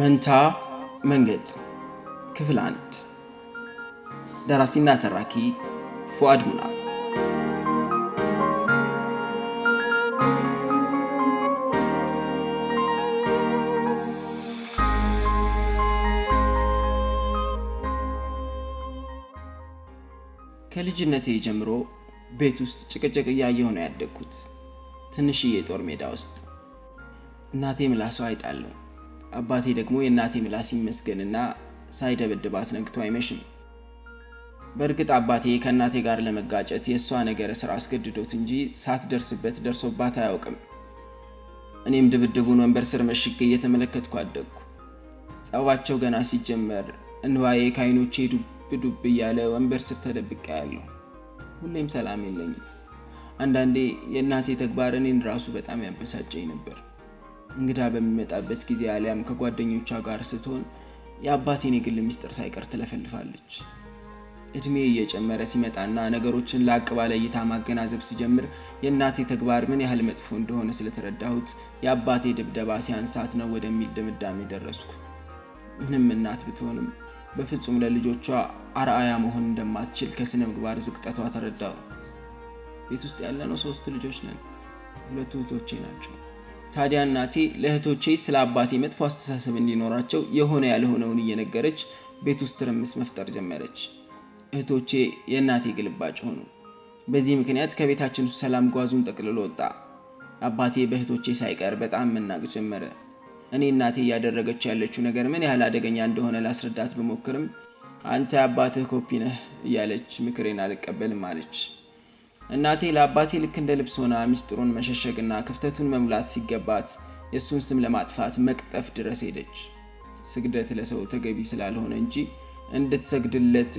መንታ መንገድ ክፍል አንድ ደራሲና ተራኪ ፉአድ ሙና። ከልጅነቴ ጀምሮ ቤት ውስጥ ጭቅጭቅ እያየሁ ነው ያደግኩት። ትንሽዬ ጦር ሜዳ ውስጥ እናቴ ምላሷ አይጣለሁ አባቴ ደግሞ የእናቴ ምላስ ይመስገንና ሳይደበድባት ነግቶ አይመሽም። በእርግጥ አባቴ ከእናቴ ጋር ለመጋጨት የእሷ ነገር ስራ አስገድዶት እንጂ ሳትደርስበት ደርሶባት አያውቅም። እኔም ድብድቡን ወንበር ስር መሽገ እየተመለከትኩ አደግኩ። ጸባቸው ገና ሲጀመር እንባዬ ከአይኖቼ ዱብ ዱብ እያለ ወንበር ስር ተደብቃ ያለው ሁሌም ሰላም የለኝም። አንዳንዴ የእናቴ ተግባር እኔን ራሱ በጣም ያበሳጨኝ ነበር። እንግዳ በሚመጣበት ጊዜ አሊያም ከጓደኞቿ ጋር ስትሆን የአባቴን የግል ምስጢር ሳይቀር ትለፈልፋለች። እድሜ እየጨመረ ሲመጣና ነገሮችን ላቅ ባለ እይታ ማገናዘብ ሲጀምር የእናቴ ተግባር ምን ያህል መጥፎ እንደሆነ ስለተረዳሁት የአባቴ ድብደባ ሲያንሳት ነው ወደሚል ድምዳሜ ደረስኩ። ምንም እናት ብትሆንም በፍጹም ለልጆቿ አርአያ መሆን እንደማትችል ከስነ ምግባር ዝቅጠቷ ተረዳው ቤት ውስጥ ያለነው ሶስት ልጆች ነን። ሁለቱ እህቶቼ ናቸው። ታዲያ እናቴ ለእህቶቼ ስለ አባቴ መጥፎ አስተሳሰብ እንዲኖራቸው የሆነ ያልሆነውን እየነገረች ቤት ውስጥ ትርምስ መፍጠር ጀመረች። እህቶቼ የእናቴ ግልባጭ ሆኑ። በዚህ ምክንያት ከቤታችን ውስጥ ሰላም ጓዙን ጠቅልሎ ወጣ። አባቴ በእህቶቼ ሳይቀር በጣም መናቅ ጀመረ። እኔ እናቴ እያደረገች ያለችው ነገር ምን ያህል አደገኛ እንደሆነ ላስረዳት ብሞክርም አንተ አባትህ ኮፒ ነህ እያለች ምክሬን አልቀበልም አለች። እናቴ ለአባቴ ልክ እንደ ልብስ ሆና ሚስጥሩን መሸሸግና ክፍተቱን መሙላት ሲገባት የእሱን ስም ለማጥፋት መቅጠፍ ድረስ ሄደች። ስግደት ለሰው ተገቢ ስላልሆነ እንጂ እንድትሰግድለት